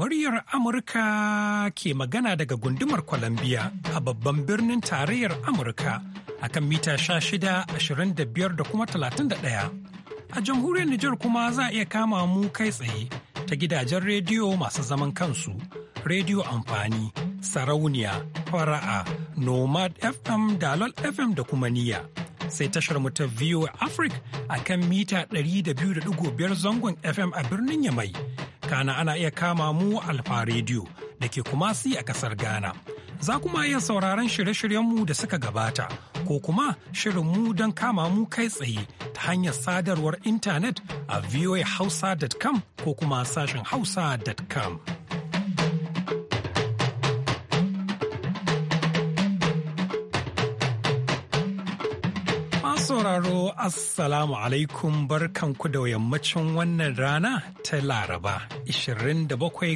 muryar Amurka ke magana daga gundumar Columbia a babban birnin tarayyar Amurka a kan mita 16,25 da kuma 31. A jamhuriyar Nijar kuma za a iya kama mu kai tsaye ta gidajen rediyo masu zaman kansu, rediyo amfani, sarauniya, fara'a, nomad FM, dalol FM da kuma niyya. sai tashar mu ta VOA Africa a kan mita 200.5 zangon FM a birnin Yamai kana ana iya kama mu alfa rediyo da ke kumasi a kasar ghana za kuma iya sauraron shirye-shiryenmu da suka gabata ko kuma shirinmu don kama mu kai tsaye ta hanyar sadarwar intanet a voahausa.com ko kuma sashen hausa.com. sauraro Assalamu alaikum barkanku da yammacin wannan rana ta Laraba 27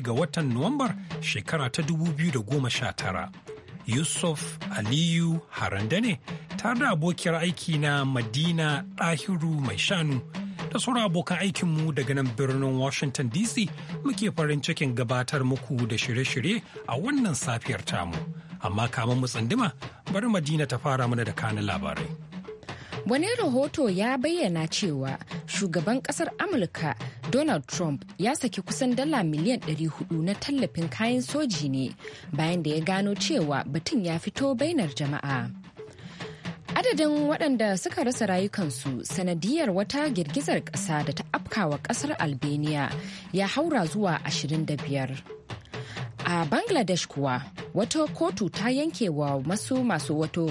ga watan Nuwambar shekara ta 2019. Yusuf Aliyu Haranda ne tare da abokiyar aiki na Madina Ɗahiru mai shanu da sauran abokan aikinmu daga nan birnin Washington DC muke farin cikin gabatar muku da shirye-shirye a wannan safiyar tamu. Amma kamar mu tsandima bari Madina ta fara mana da kanin labarai. Wani rahoto ya bayyana cewa shugaban kasar Amurka Donald Trump ya saki kusan dala miliyan 400 na tallafin kayan soji ne bayan da ya gano cewa batun ya fito bainar jama'a. Adadin waɗanda suka rasa rayukansu sanadiyar wata girgizar ƙasa da ta afkawa ƙasar Albania ya haura zuwa 25. A Bangladesh kuwa wata kotu ta yanke wa masu masu wato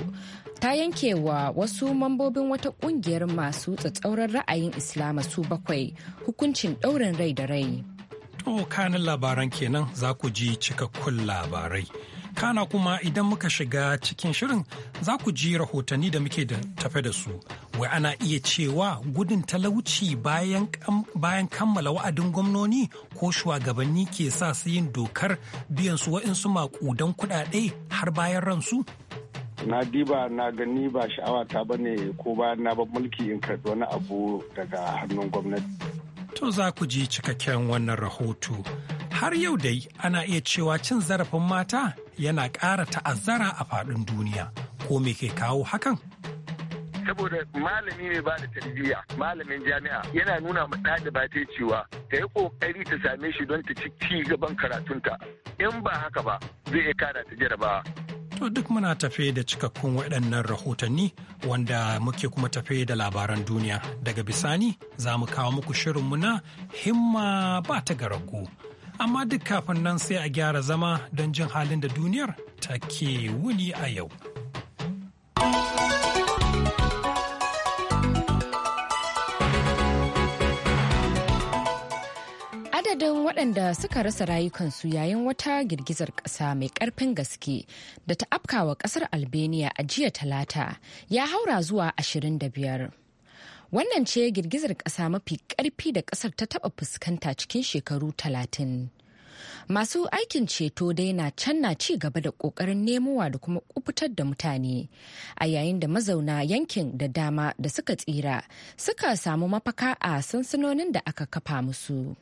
ta yanke wa wasu mambobin wata kungiyar masu tsatsauran ra'ayin Islama su bakwai hukuncin ɗaurin rai da rai. To kanin labaran kenan za ku ji cikakkun labarai. Kana kuma idan muka shiga cikin shirin za ku ji rahotanni da muke da tafe da su. Wai ana iya cewa gudun talauci bayan kammala wa'adin gwamnoni ko shugabanni ke sa su yin dokar biyan su wa'insu maƙudan kuɗaɗe har bayan ransu? na diba na gani ba sha'awa ta bane ko ba na ba mulki in karbi wani abu daga hannun gwamnati. To za ku ji cikakken wannan rahoto. Har yau dai ana iya cewa cin zarafin mata yana ƙara ta'azzara a faɗin duniya ko me ke kawo hakan saboda malami mai ba da tarbiyya malamin jami'a yana nuna ma ɗaliba ta cewa ta yi ƙoƙari ta same shi don ta ci gaban karatunta in ba haka ba zai iya kara ta jarabawa To duk muna tafe da cikakkun waɗannan rahotanni wanda muke kuma tafe da labaran duniya daga bisani za mu kawo muku shirinmu na himma ba ta rago amma duk kafin nan sai a gyara zama don jin halin da duniyar take wuni a yau. adadin waɗanda suka rasa rayukansu yayin wata girgizar ƙasa mai ƙarfin gaske da ta afkawa ƙasar albania a jiya talata ya haura zuwa 25 Wannan ce girgizar ƙasa mafi ƙarfi da ƙasar ta taɓa fuskanta cikin shekaru talatin. Masu aikin ceto dai na can na ci gaba da ƙoƙarin nemowa da kuma kufutar da mutane a yayin da mazauna yankin da dama da suka tsira suka samu mafaka a sansanonin da aka kafa musu.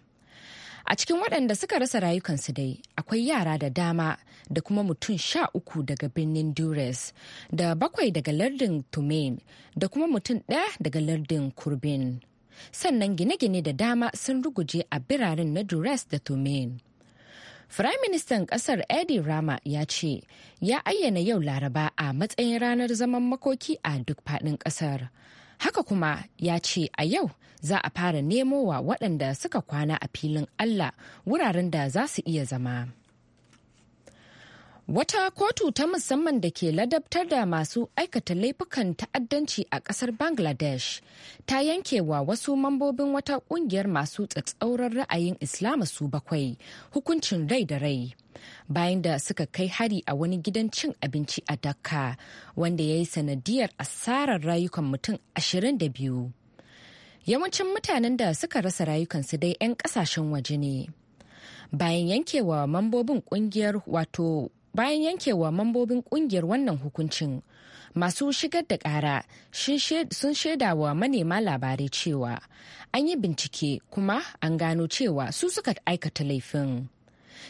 a cikin waɗanda suka rasa rayukansu dai akwai yara da dama da kuma mutum sha uku daga birnin dures da bakwai daga lardin tumain da kuma mutum ɗaya daga lardin kurbin sannan gine-gine da dama sun ruguje a biranen na dures da tumain. Firaministan ƙasar Edi Rama ya ce ya ayyana yau Laraba a matsayin ranar zaman makoki a duk faɗin ƙasar. Haka kuma ya ce a yau za a fara nemo wa waɗanda suka kwana a filin Allah wuraren da za su iya zama. Wata kotu ta musamman da ke ladabtar da masu aikata laifukan ta'addanci a ƙasar Bangladesh ta yanke wa wasu mambobin wata ƙungiyar masu tsatsauran ra'ayin Islama su bakwai hukuncin rai da rai. Bayan da suka kai hari a wani gidan cin abinci a Dhaka wanda ya yi sanadiyar asarar rayukan mutum 22. Yawancin mutanen da suka rasa rayukansu dai 'yan kasashen waje ne. Bayan yankewa mambobin ƙungiyar wato bayan yankewa mambobin kungiyar wannan hukuncin masu shigar da kara sun shaida wa manema labarai cewa an yi bincike kuma an gano cewa su suka aikata laifin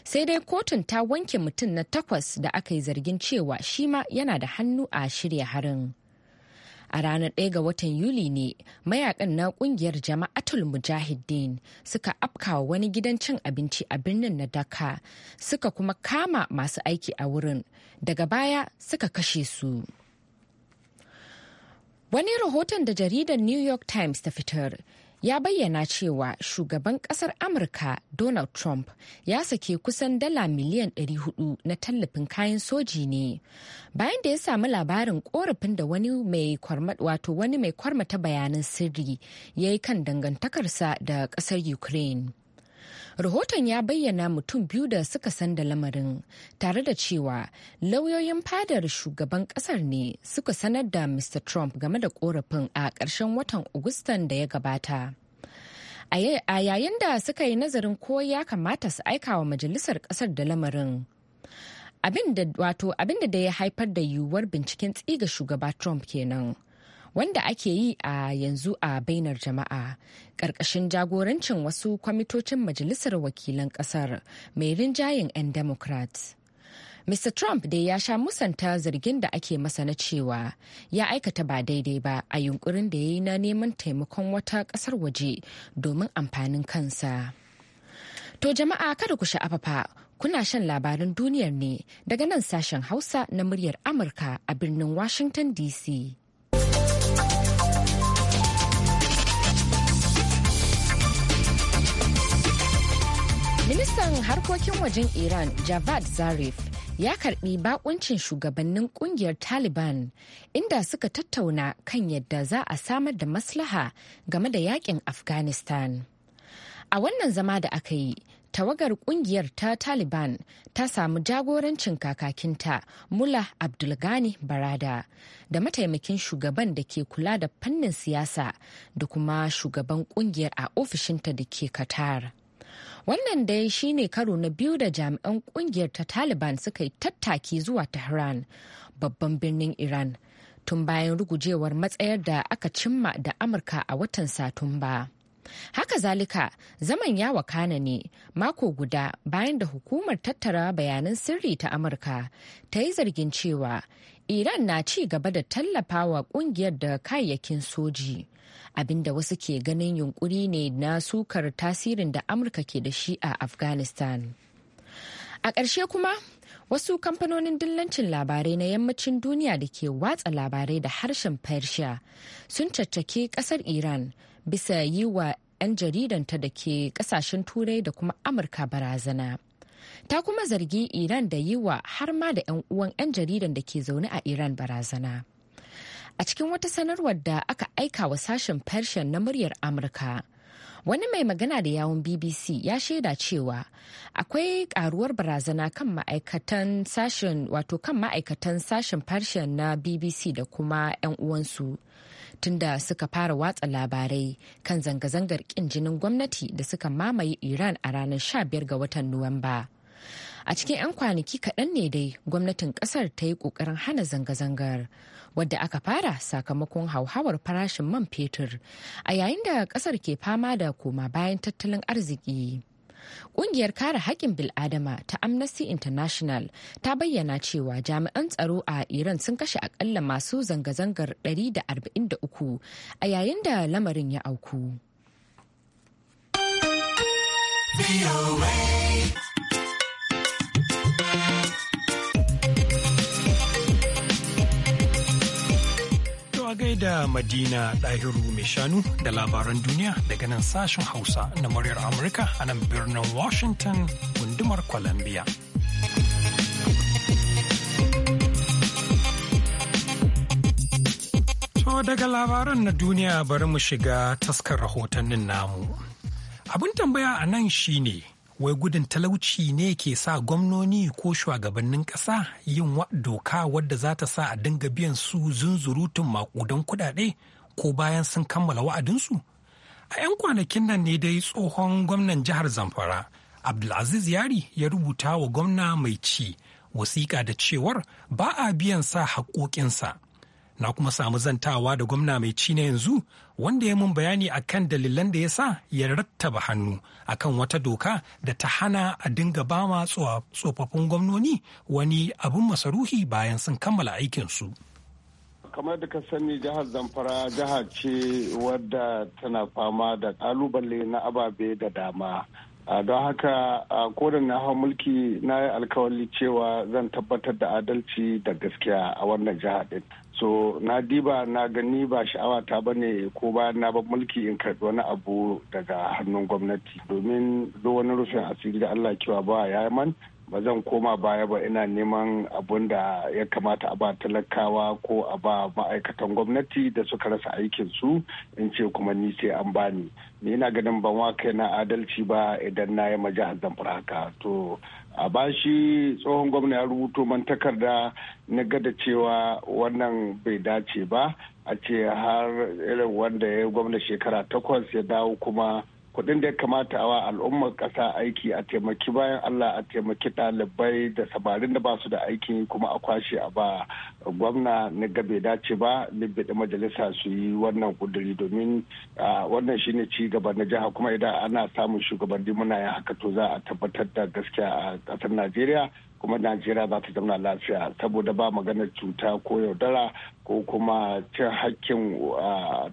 sai dai kotun ta wanke mutum na takwas da aka yi zargin cewa shi ma yana da hannu a shirya harin A ranar 1 ga watan Yuli ne mayakan na kungiyar jama'atul mujahideen suka afkawa wani gidan cin abinci a birnin na Dhaka suka kuma kama masu aiki a wurin daga baya suka kashe su. Wani rahoton da jaridar New York Times ta fitar ya bayyana cewa shugaban kasar amurka donald trump ya sake kusan dala miliyan 400 na tallafin kayan soji ne bayan da ya sami labarin korafin da wani mai wato wani mai kwarmata bayanan sirri ya yi kan dangantakarsa da kasar ukraine Rahoton ya bayyana mutum biyu da suka san da lamarin tare da cewa lauyoyin fadar shugaban kasar ne suka sanar da Mr. Trump game da korafin a ƙarshen watan Agustan da ya gabata. A yayin da suka yi nazarin ko ya kamata su aika wa majalisar ƙasar da lamarin. Abin da wato abin da ya haifar da yiwuwar binciken tsiga shugaba Trump kenan. wanda ake yi a yanzu a bainar jama'a ƙarƙashin jagorancin wasu kwamitocin majalisar wakilan ƙasar mai rinjayen 'yan democrats Mr. Trump dai ya sha musanta zargin da ake masa na cewa ya aikata ba daidai ba a yunkurin da ya yi na neman taimakon wata ƙasar waje domin amfanin kansa. To jama'a kada ku sha'afafa kuna shan labarin duniyar ne daga nan sashen Hausa na muryar Amurka a birnin Washington DC. Ministan harkokin wajen Iran Javad Zarif ya karbi bakuncin shugabannin kungiyar Taliban inda suka tattauna kan yadda za a samar da maslaha game da yakin Afghanistan. A wannan zama da aka yi, tawagar kungiyar ta Taliban ta samu jagorancin kakakinta Mullah Abdulgani Barada da mataimakin shugaban da ke kula da fannin siyasa da kuma shugaban kungiyar a ofishinta da ke Qatar. Wannan dai shine karo na biyu da jami'an kungiyar ta Taliban suka yi tattaki zuwa Tehran, babban birnin Iran, tun bayan rugujewar matsayar da aka cimma da Amurka a watan Satumba. Haka zalika zaman ya wakana ne mako guda bayan da hukumar tattara bayanan sirri ta Amurka ta yi zargin cewa Iran na ci gaba da tallafawa kungiyar da kayayyakin soji. abinda wasu ke ganin yunkuri ne na sukar tasirin da amurka ke da shi a afghanistan a ƙarshe kuma wasu kamfanonin dillancin labarai na yammacin duniya da ke watsa labarai da harshen persia sun caccake ƙasar iran bisa yi wa 'yan jaridanta da ke ƙasashen turai da kuma amurka barazana ta kuma zargi iran da yi wa har ma da 'yan uwan 'yan jaridan da ke zaune a iran barazana a cikin wata sanarwar da aka aika wa sashen Persian na muryar Amurka. Wani mai magana da yawun BBC ya shaida cewa akwai karuwar barazana kan ma'aikatan sashen wato kan ma'aikatan sashen Persian na BBC da kuma 'yan uwansu. tunda suka fara watsa labarai kan zanga-zangar kin jinin gwamnati da suka mamaye Iran a ranar 15 ga watan Nuwamba. a cikin 'yan kwanaki kaɗan ne dai gwamnatin ƙasar ta yi ƙoƙarin hana zanga-zangar wadda aka fara sakamakon hauhawar farashin man fetur a yayin da ƙasar ke fama da koma bayan tattalin arziki Ƙungiyar kare haƙƙin bil'adama ta Amnesty International ta bayyana cewa jami'an tsaro a Iran sun kashe akalla masu zanga-zangar 143 a yayin da lamarin ya auku. a gaida Madina Ɗahiru mai shanu da labaran duniya daga nan sashen Hausa na muryar Amurka a nan birnin Washington gundumar Columbia. To daga labaran na duniya bari mu shiga taskar rahotannin namu. Abin tambaya a nan shine wai gudun talauci ne ke sa gwamnoni ko shugabannin ƙasa yin doka wadda za ta sa a dinga biyan su zunzurutun makudan kudade ko bayan sun kammala wa'adinsu? A 'yan kwanakin nan ne dai tsohon gwamnan jihar Zamfara, Abdulaziz Yari ya rubuta wa gwamna mai ci wasiƙa da cewar ba a biyan sa haƙoƙinsa. na kuma samu zantawa da gwamna mai ci na yanzu wanda ya mun bayani a kan dalilan da ya sa ya rattaba hannu a kan wata doka da ta hana a dinga bama tsofaffin gwamnoni wani abin masaruhi bayan sun kammala aikinsu. kamar da ka sani jihar zamfara jiha ce wadda tana fama da kalubale na ababe da dama don haka ko da na hau mulki na yi alkawali cewa zan tabbatar da adalci da gaskiya a wannan jiha din so na diba na gani ba sha'awa ta bane ko ba na ba mulki in karbi wani abu daga hannun gwamnati domin duk wani rufin asiri da Allah kiwa ba ya man ba zan koma baya ba ina neman abun da ya kamata a ba talakawa ko a ba ma'aikatan gwamnati da suka rasa aikinsu in ce kuma ni sai an bani ni ina ganin ban wa na adalci ba idan na yi jihar zamfara haka to a bashi tsohon gwamna ya rubuto man takarda na gada cewa wannan bai dace ba a ce har irin wanda ya gwamna shekara takwas ya dawo kuma kudin da ya kamata a wa al'ummar kasa aiki a taimaki bayan Allah a taimaki ɗalibai da sabarin da ba su da aikin kuma a kwashe a ba gwamna na gabe dace ba libbiɗi majalisa su yi wannan kuduri domin wannan shine ci gaba na jiha kuma idan ana samun shugabanni muna yin haka to za a tabbatar da gaskiya a ƙasar Najeriya kuma najeriya za ta zauna lafiya saboda ba maganar cuta ko yaudara ko kuma cin hakkin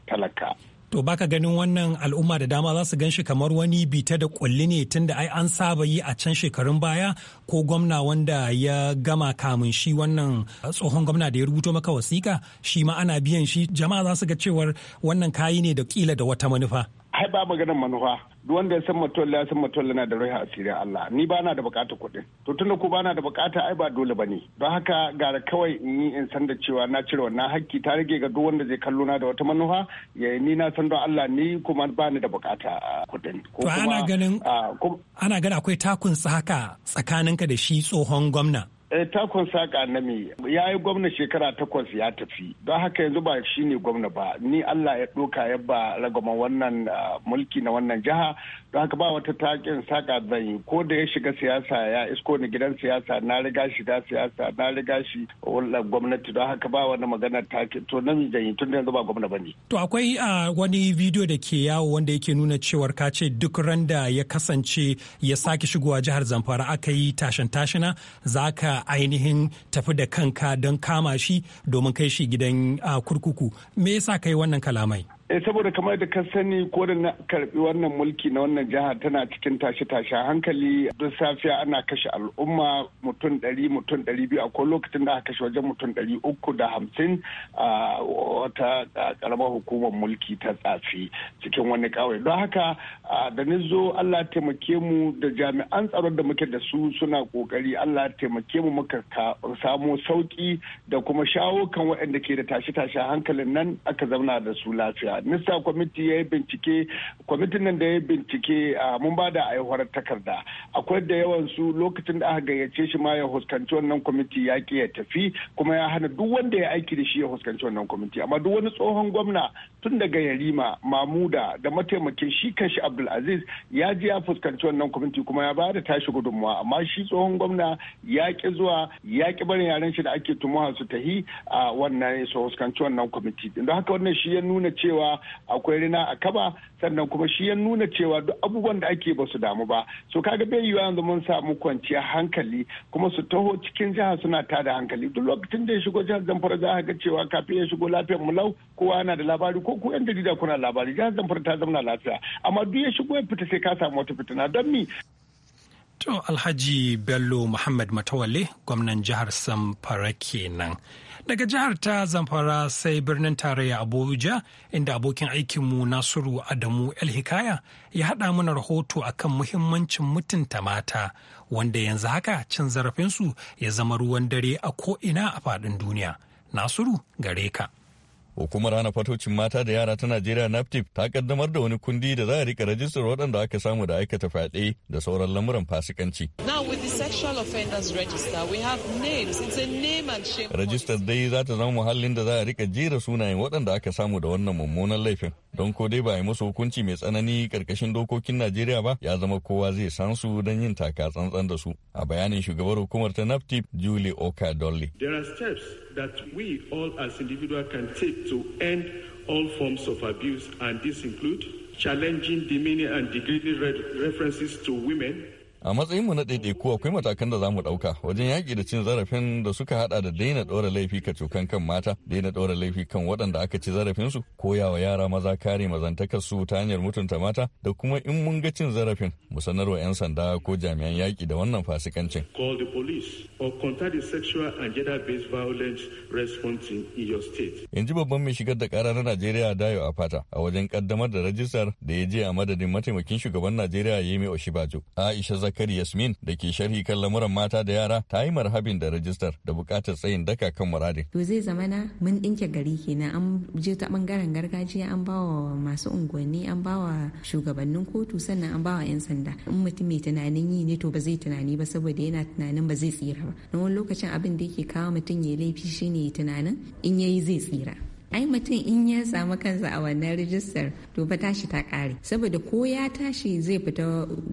talaka To baka ganin wannan al'umma da dama za su gan shi kamar wani bita da kulli ne tunda ai an saba yi a can shekarun baya ko gwamna wanda ya gama kamun shi wannan uh, tsohon gwamna da ya rubuto maka wasiƙa shi ma ana biyan shi jama'a za su ga cewar wannan kayi ne da kila da wata manufa. ai ba maganar manufa duk wanda ya san matolla ya san matolla na da rai asirin Allah ni ba na da bukata kudin to tunda ko ba na da bukata ai ba dole ba ne don haka gara kawai in yi in san da cewa na cire wannan hakki ta rage ga duk wanda zai kallo na da wata manufa ya ni na san don Allah ni kuma ba ni da bukata kudin. ko kuma ana ganin ana ganin akwai takun tsaka tsakaninka da shi tsohon gwamna Eh, takon saka na me ya yi gwamna shekara takwas ya tafi don haka yanzu ba shi ne gwamna ba ni allah ya ɗoka ya ba ragama wannan ah, mulki na wannan jiha don haka ba wata takin saƙa zan yi ko da ya shiga siyasa ya isko ni gidan siyasa na riga shiga siyasa na riga shi wannan gwamnati don haka ba wani magana takin to na zan yi tun yanzu ba gwamna ba ne. to akwai ah, wani bidiyo da ke yawo wanda yake nuna cewar ka ce duk randa ya kasance ya sake shigowa jihar zamfara aka yi tashin tashina za ka ainihin tafi da kanka don kama shi domin kai shi gidan ah, kurkuku me yasa kai wannan kalamai eh saboda kamar da ka sani ko da na karbi wannan mulki na wannan jiha tana cikin tashi tashi hankali duk safiya ana kashe al'umma mutum ɗari mutum ɗari biyu akwai lokacin da aka kashe wajen mutum ɗari uku da hamsin a wata karamar hukumar mulki ta tsafi cikin wani kawai don haka da ni zo Allah taimake mu da jami'an tsaron da muke da su suna kokari Allah taimake mu muka samu sauki da kuma shawo kan waɗanda ke da tashi tashi hankalin nan aka zauna da su lafiya nisa kwamiti ya yi bincike kwamitin nan da ya yi bincike mun ba da aihuwar takarda akwai da yawan su lokacin da aka gayyace shi ma ya huskanci wannan kwamiti ya ki ya tafi kuma ya hana duk wanda ya aiki da shi ya huskanci wannan kwamiti amma duk wani tsohon gwamna tun daga yarima mamuda da mataimakin shi kanshi abdulaziz ya ji ya fuskanci wannan kwamiti kuma ya bada tashi gudunmawa amma shi tsohon gwamna ya ki zuwa ya ki barin yaran shi da ake tumuwa su tahi a wannan su fuskanci wannan kwamiti don haka wannan shi ya nuna cewa akwai rina a kaba sannan kuma shi ya nuna cewa duk abubuwan da ake ba su damu ba so kaga bai yiwuwa yanzu mun samu kwanciyar hankali kuma su taho cikin jiha suna ta da hankali duk lokacin da ya shigo jihar zamfara za a ga cewa kafin ya shigo lafiyar mulau kowa yana da labari ko ku yan jarida kuna labari jihar zamfara ta zauna lafiya amma duk ya shigo ya fita sai ka samu wata fitina don mi To Alhaji Bello Muhammad Matawalle gwamnan jihar Zamfara kenan. Daga jihar ta Zamfara sai birnin tarayya Abuja inda abokin aikinmu Nasiru Adamu El-Hikaya ya haɗa mana rahoto akan muhimmancin mutunta mata wanda yanzu haka cin zarafinsu ya zama ruwan dare a ko'ina a faɗin duniya. Nasiru gare ka. Hukumar hana fatocin mata da yara ta Najeriya NAPTIP ta kaddamar da wani kundi da za a rika rajistar waɗanda aka samu da aikata fyaɗe da sauran lamuran fasikanci. Rajistar dai za ta zama muhallin da za a rika jera sunayen waɗanda aka samu da wannan mummunan laifin. Don ko dai ba yi musu hukunci mai tsanani karkashin dokokin Najeriya ba ya zama kowa zai san su don yin taka tsantsan da su. A bayanin shugabar hukumar ta NAPTIP Julie Oka Dolly. that we all as individuals can take to end all forms of abuse, and this includes challenging demeaning and degrading references to women, a matsayin mu na ɗaiɗaiku akwai matakan da za mu ɗauka wajen yaƙi da cin zarafin da suka hada da daina ɗora laifi ka cokan kan mata daina ɗora laifi kan waɗanda aka ci zarafinsu koyawa yara maza kare mazantakar su ta hanyar mutunta mata da kuma in mun ga cin zarafin mu sanarwa 'yan sanda ko jami'an yaƙi da wannan fasikancin. call the police or contact the sexual and gender based violence response in your state. in ji babban mai shigar da ƙara na najeriya dayo a fata a wajen kaddamar da rajistar da ya je a madadin mataimakin shugaban najeriya yemi oshibajo aisha Zakari Yasmin da ke sharhi kan lamuran mata da yara ta yi marhabin da rajistar da bukatar tsayin daka kan muradin. To zai zama na mun ɗinke gari kenan an je ta bangaren gargajiya an bawa masu unguwanni an bawa shugabannin kotu sannan an bawa 'yan sanda. In mutum mai tunanin yi ne to ba zai tunani ba saboda yana tunanin ba zai tsira ba. Na wani lokacin abin da yake kawo mutum ya laifi shine tunanin in yayi zai tsira. ai mutum in ya samu kansa a wannan rijistar to fa tashi ta kare saboda ko ya tashi zai fita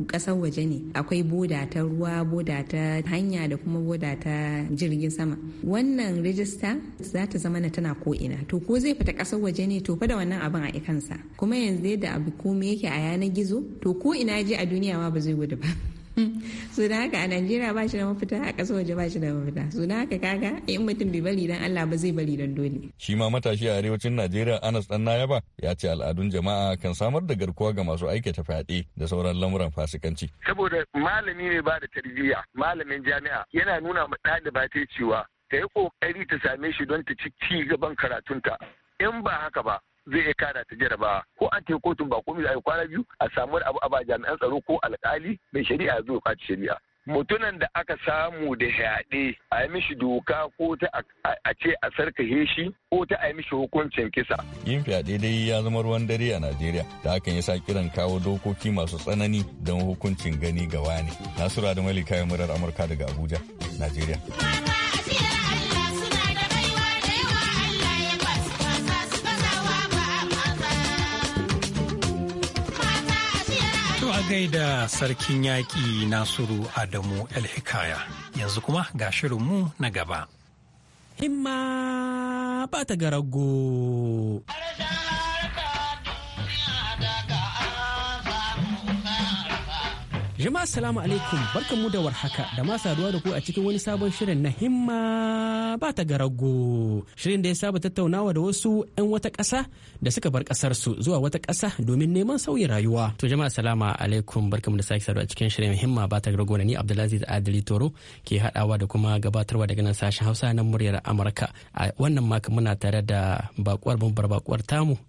kasar waje ne akwai boda ta ruwa boda ta hanya da kuma boda ta jirgin sama wannan rijista za ta zama na tana ko ina to ko zai fita kasar waje ne to fa da wannan abin a ikansa kuma yanzu yadda abu komai yake a yanar gizo to ko ina je a duniya ma ba zai gudu ba suna haka a najeriya ba shi da mafita a ƙasar waje ba shi da mafita suna haka kaga in mutum bai bari dan allah ba zai bari dan dole shi ma matashi a arewacin najeriya anas dan nayaba ya ce al'adun jama'a kan samar da garkuwa ga masu aikata fyaɗe da sauran lamuran fasikanci saboda malami ne ba da tarbiyya malamin jami'a yana nuna ma ɗaliba ta cewa ta yi ƙoƙari ta same shi don ta ci gaban karatunta in ba haka ba zai iya kada ta jarabawa ko an tafi kotun ba komai ayi kwana biyu a samu abu a ba jami'an tsaro ko alkali mai shari'a zai kwaci shari'a mutunan da aka samu da yaɗe a yi mishi doka ko ta a ce a sarkahe shi ko ta a yi mishi hukuncin kisa. Yin fyaɗe dai ya zama ruwan dare a Najeriya da hakan ya sa kiran kawo dokoki masu tsanani don hukuncin gani gawa ne. Nasura da Malika murar Amurka daga Abuja, Najeriya. da sarkin yaƙi Nasiru Adamu el yanzu kuma ga shirinmu na gaba. Himma ba ta garago. Jama'a salamu alaikum mu da warhaka da ma saduwa da ku a cikin wani sabon shirin na himma ba ta garago. Shirin da ya saba tattaunawa da wasu 'yan wata ƙasa da suka bar ƙasar su zuwa wata ƙasa domin neman sauyin rayuwa. To jama'a salamu alaikum mu da sake saduwa a cikin shirin himma ba ta garago na ni Abdulaziz Adili Toro ke haɗawa da kuma gabatarwa daga nan sashen Hausa na muryar Amurka. A wannan maka muna tare da bakuwar bambar bakuwar tamu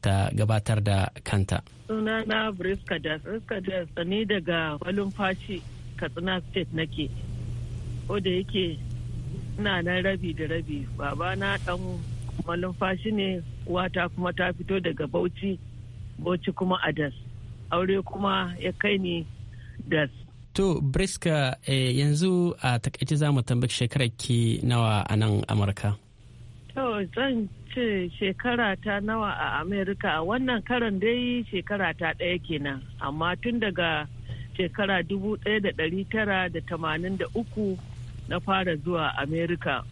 ta gabatar da kanta. Suna na Briska Das, Briska Das ni daga Fashi Katsina State nake. O da yake ina nan rabi da rabi, baba na dan Fashi ne uwata kuma ta fito daga Bauchi, Bauchi kuma a Das. Aure kuma ya kai ni Das. To, Briska eh, yanzu a takaice za mu tambaki shekarar ki nawa a nan Amurka? To, zan ce shekara ta nawa a Amerika wannan karan dai shekara ta ɗaya kenan amma tun daga shekara 1983 na fara zuwa Amerika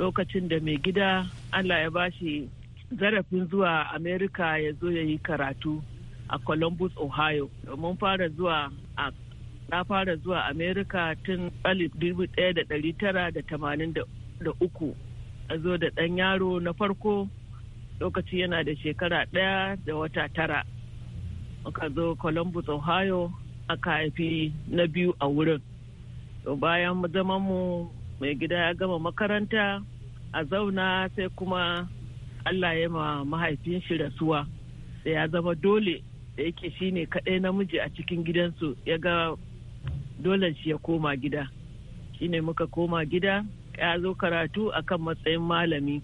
lokacin da mai gida Allah ya bashi zarafin zuwa Amerika ya zo ya yi karatu a Columbus, Ohio. Mun fara zuwa a na fara zuwa Amerika tun 1983 a zo da ɗan yaro na farko lokaci yana da shekara ɗaya da wata tara muka zo columbus ohio aka haifi na biyu a wurin to bayan zaman mu mai gida ya gama makaranta a zauna sai kuma allah ya ma mahaifin shi rasuwa da ya zama dole da yake shine kaɗai namiji a cikin gidansu ya ga dole shi ya koma gida shine muka koma gida ya zo karatu akan matsayin malami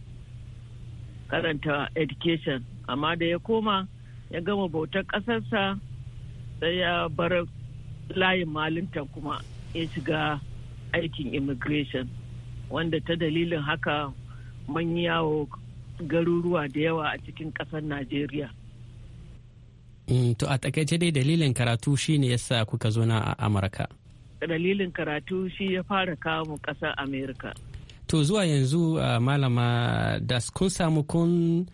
karanta education amma da ya koma ya gama bautar ƙasarsa sai ya bar layin malinta kuma ya shiga aikin immigration wanda ta dalilin haka manyan yawo garuruwa da yawa a cikin ƙasar najeriya mm, to a takaice dai dalilin karatu shine yasa kuka zo na amurka dalilin karatu shi ya fara kawo mu ƙasar amerika to zuwa yanzu uh, malama das kun samu kun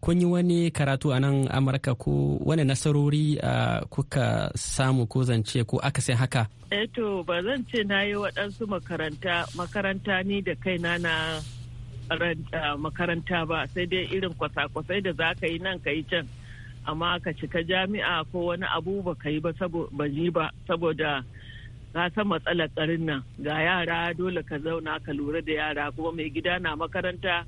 kun yi wani karatu a nan amurka ko wani nasarori uh, kuka samu ko zance ko aka sai haka eto eh ba zan ce na yi waɗansu makaranta makaranta ni da kaina na uh, makaranta ba sai dai irin kwasa-kwasai da za ka yi nan ka yi can amma ka cika jami'a ko wani abu ba ka yi ba saboda ka san matsalar karin nan ga yara dole ka zauna ka lura da yara kuma mai gida na makaranta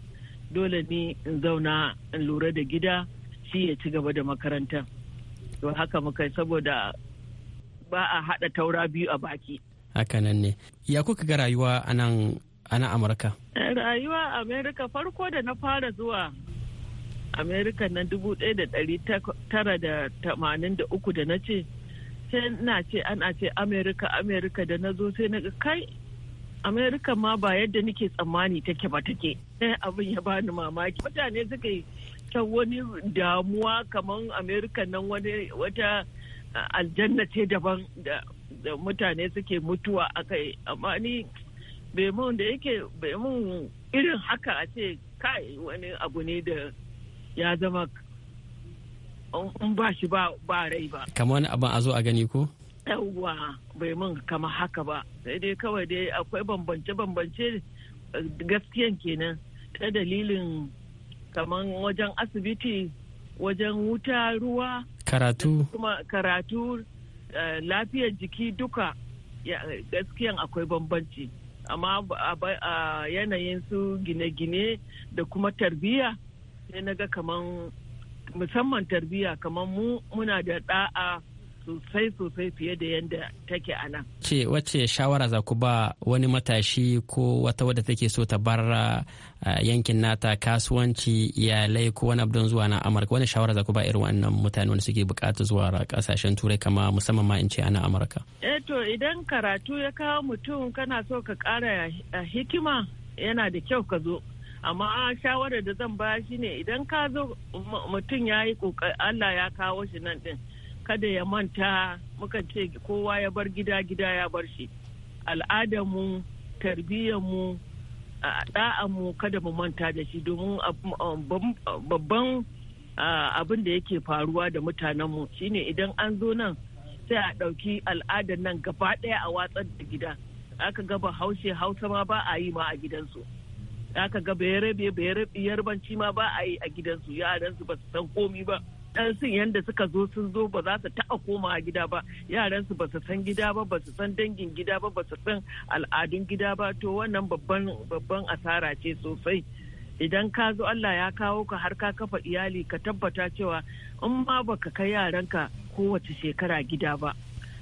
dole ni in zauna in lura da gida shi ya ci gaba da makaranta to haka muka saboda ba a haɗa taura biyu a baki hakanan ne ya kuka ga rayuwa a nan amurka rayuwa amerika farko da na fara zuwa amerika nan 1983 da na ce sai na ce ana ce amerika amerika da na zo sai na kai amerika ma ba yadda nake tsammani take ba take abin ya bani mamaki mutane suka yi ta wani damuwa kamar amerika nan wani wata aljanna ce daban da mutane suke mutuwa a kai amma ni bai mun da yake bai mun irin haka a ce kai wani abu ne da ya zama in ba shi ba ba rai ba kamar wani abin a zo a gani ko yawwa bai mun kama haka ba sai dai kawai dai akwai bambance-bambance eh, gaskiyan kenan ta dalilin kamar wajen asibiti wajen wuta ruwa karatu kuma karatu eh, lafiyar jiki duka gaskiyan akwai bambanci amma a yanayin su gine-gine da kuma tarbiyya sai na ga kaman musamman tarbiyya kamar mu muna da da'a sosai sosai fiye da yadda take a nan. Ce wacce shawara za ku ba wani matashi ko wata wadda take so ta bar yankin nata kasuwanci iyalai ko wani abdon zuwa na Amurka wani shawara za ku ba irin wannan mutane wanda suke bukata zuwa kasashen turai kama musamman ma in ce ana Amurka. Eh to idan karatu ya kawo mutum kana so ka kara hikima yana da kyau ka zo amma a shawarar da zan baya shine idan ka zo mutum ya yi Allah ya kawo shi nan din kada ya manta muka ce kowa ya bar gida gida ya bar shi al'adamu tarbiyyarmu mu kada mu manta da shi domin um, babban abin da yake faruwa da mutanenmu shine idan an zo nan sai a ɗauki al'adar nan gaba ɗaya a watsar da gida aka gaba haushe hausa ma ba a yi ma a gidansu. aka ga bayarabe yarbanci ma ba a yi a gidansu yaransu ba su san komi ba dan sun yanda suka zo sun zo ba za su taɓa koma a gida ba yaran su ba su san gida ba ba su san dangin gida ba ba su san al'adun gida ba to wannan babban babban asara ce sosai idan ka zo Allah ya kawo ka har ka kafa iyali ka tabbata cewa in ma baka kai yaranka kowace shekara gida ba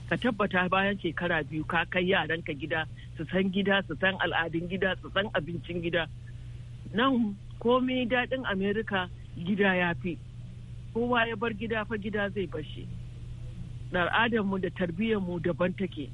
ka tabbata bayan shekara biyu ka kai yaranka gida su san gida su san al'adun gida su san abincin gida nan komai daɗin amerika gida ya fi kowa ya bar gida fa gida zai bashi al'adarmu da tarbiyyarmu daban take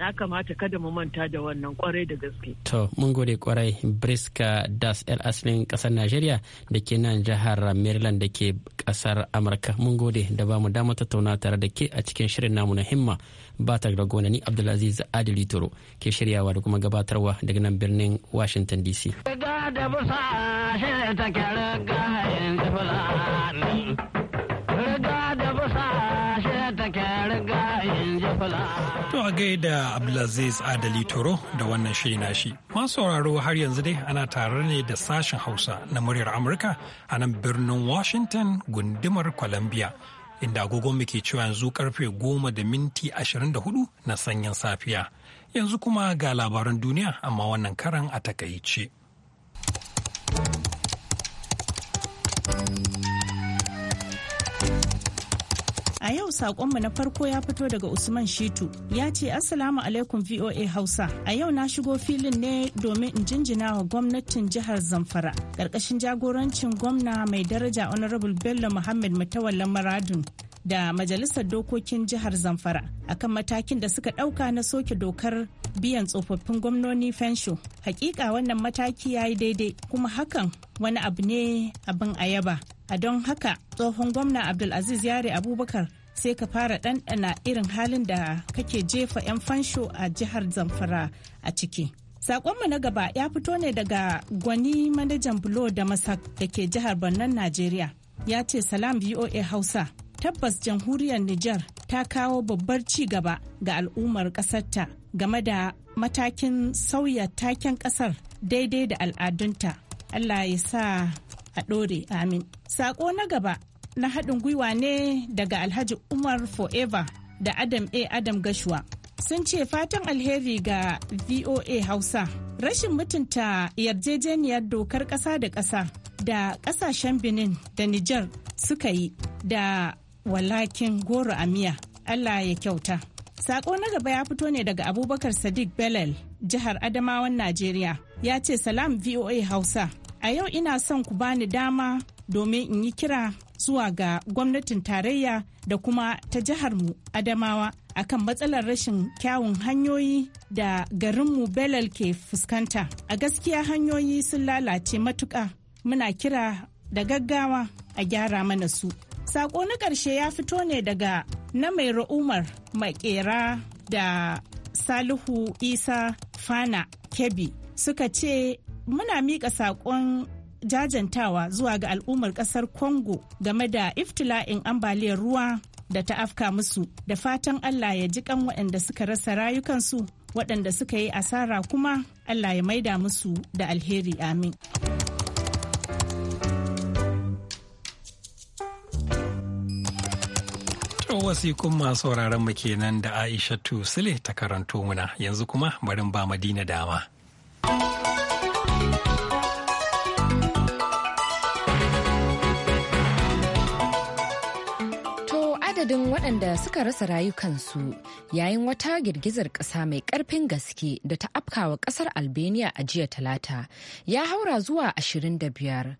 ya kamata kada mu manta da wannan kwarai da gaske. To, mun gode kwarai Briska Das El Aslin kasar Najeriya da ke nan jihar Maryland da ke kasar Amurka. Mun gode da ba mu damar tattauna tare da ke a cikin shirin namu na himma ba ta da gona ni Abdulaziz Adili Toro ke shiryawa da kuma gabatarwa daga nan birnin Washington DC. Da da busa shi ta da Abdulaziz Adali Toro da wannan shiri nashi. Masu sauraro har yanzu dai ana tare ne da sashen Hausa na muryar Amurka a nan birnin Washington gundumar Columbia. Inda agogon ke cewa yanzu karfe goma da minti ashirin da hudu na sanyin safiya. Yanzu kuma ga labaran duniya amma wannan karan a takaice. A yau sakonmu na farko ya fito daga Usman Shitu ya ce Assalamu alaikum VOA Hausa. A yau na shigo filin ne domin in jinjina wa gwamnatin jihar Zamfara. Karkashin jagorancin gwamna mai daraja Honorable Bello Muhammad Mutawalla Maradun da Majalisar Dokokin Jihar Zamfara akan matakin da suka ɗauka na soke dokar biyan tsofaffin gwamnoni fensho. Hakika wannan mataki ya yi daidai kuma hakan wani abu ne abin ayaba. a don haka tsohon gwamna abdulaziz yare abubakar sai ka fara ɗanɗana irin halin da kake jefa 'yan fansho a jihar zamfara a ciki Saƙonmu na gaba ya fito ne daga gwani manajan bulo da masak da ke jihar Bannan Najeriya. Ya ce salam voa Hausa. Tabbas jamhuriyar Nijar ta kawo babbar ci gaba ga al'ummar ƙasarta game da matakin sauya taken ƙasar daidai da al'adunta. Allah ya sa a ɗore amin. Sako na gaba na haɗin gwiwa ne daga Alhaji Umar Forever da Adam A. Adam Gashua. Sun ce fatan alheri ga VOA Hausa. Rashin mutunta yarjejeniyar dokar ƙasa da ƙasa da ƙasashen Benin da Nijar suka yi da walakin goro a miya. Allah ya kyauta. Sako na gaba ya fito ne daga Abubakar Sadiq Belal, jihar Adamawan Najeriya. Ya ce salam VOA Hausa. A yau ina son ku bani dama domin in yi kira zuwa ga gwamnatin tarayya da kuma ta jiharmu Adamawa akan matsalar rashin kyawun hanyoyi da garinmu Belal ke fuskanta. A gaskiya hanyoyi sun lalace matuka muna kira da gaggawa a gyara mana su. Sako na ƙarshe ya fito ne daga na mai ra'umar makera da Salihu Isa Fana Kebi suka ce muna mika saƙon jajantawa zuwa ga al'ummar ƙasar Congo game da iftila'in ambaliyar ruwa da ta afka musu da fatan Allah ya ji kan waɗanda suka rasa rayukansu waɗanda suka yi asara kuma Allah ya maida musu da alheri amin. wasikun masu sauraron mu kenan da Aisha Sule ta karanto muna yanzu kuma barin ba Madina dama. adadin waɗanda suka rasa rayukansu yayin wata girgizar ƙasa mai ƙarfin gaske da ta afkawa ƙasar albania a jiya talata ya haura zuwa 25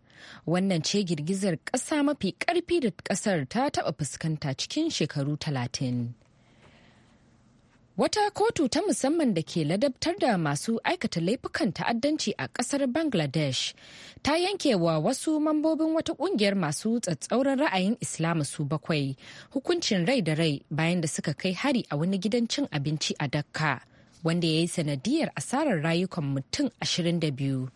wannan ce girgizar ƙasa mafi ƙarfi da ƙasar ta taɓa fuskanta cikin shekaru talatin. Wata kotu ta musamman da ke ladabtar da masu aikata laifukan ta'addanci a kasar Bangladesh ta yanke wa wasu mambobin wata kungiyar masu tsatsauran ra'ayin Islamu su bakwai hukuncin rai da rai bayan da suka kai hari a wani gidan cin abinci a Dakka wanda ya yi sanadiyar asarar rayukan mutum 22.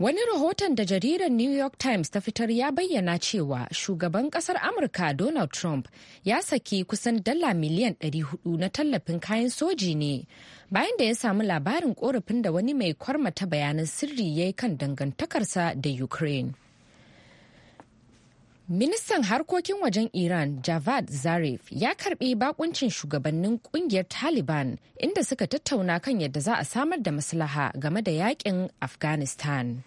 Wani rahoton da jaridar New York Times ta fitar ya bayyana cewa shugaban kasar Amurka Donald Trump ya saki kusan dala miliyan 400 na tallafin kayan soji ne bayan da ya samu labarin korafin da wani mai kwarmata bayanan sirri ya yi kan dangantakarsa da Ukraine. Ministan harkokin wajen Iran Javad Zarif ya karbi bakuncin shugabannin kungiyar Taliban inda suka tattauna kan yadda za a samar da maslaha game da yakin Afghanistan.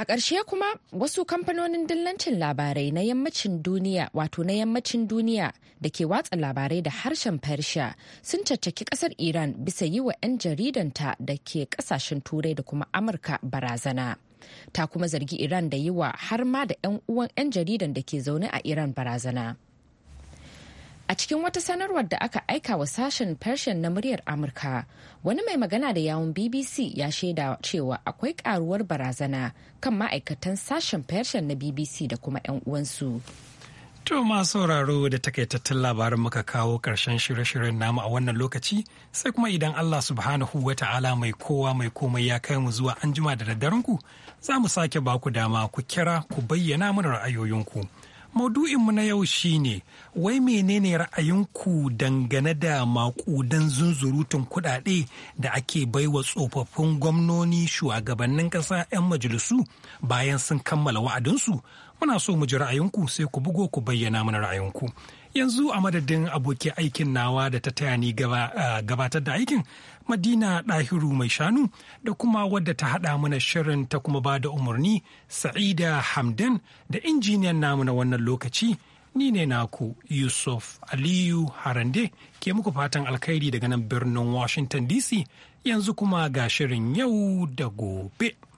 A ƙarshe kuma wasu kamfanonin dillancin labarai na yammacin duniya wato na yammacin duniya da ke watsa labarai da harshen Persia sun caccaki ƙasar Iran bisa yi wa 'yan jaridanta da ke ƙasashen Turai da kuma Amurka barazana. ta kuma zargi iran da yi wa har ma da 'yan uwan 'yan jaridan da ke zaune a iran barazana a cikin wata sanarwar da aka aika wa sashen persian na muryar amurka wani mai magana da yawun bbc ya shaida cewa akwai karuwar barazana kan ma'aikatan sashen persian na bbc da kuma 'yan uwansu To masu sauraro da takaitattun labarin muka kawo ƙarshen shirye-shiryen namu a wannan lokaci sai kuma idan Allah subhanahu wa ta'ala mai kowa mai komai ya kai mu zuwa anjima da daddaren za mu sake baku dama ku kira ku bayyana mana ra'ayoyinku. Maudu'inmu na yau shi ne- wai menene ra'ayinku dangane da makudan zunzurutun kuɗaɗe da ake baiwa tsofaffin gwamnoni shugabannin ƙasa 'yan majalisu bayan sun kammala wa'adinsu? Muna so mu ji ra'ayinku sai ku bugo ku bayyana mana ra'ayinku. yanzu a madadin aboki aikin nawa da ta taya ni gabatar da aikin madina ɗahiru mai shanu da kuma wadda ta haɗa mana shirin ta kuma ba da umarni sa'ida hamdan da injiniyan namu na wannan lokaci ni ne naku yusuf aliyu harande ke muku fatan alkhairi daga nan birnin washington dc yanzu kuma ga shirin yau da gobe.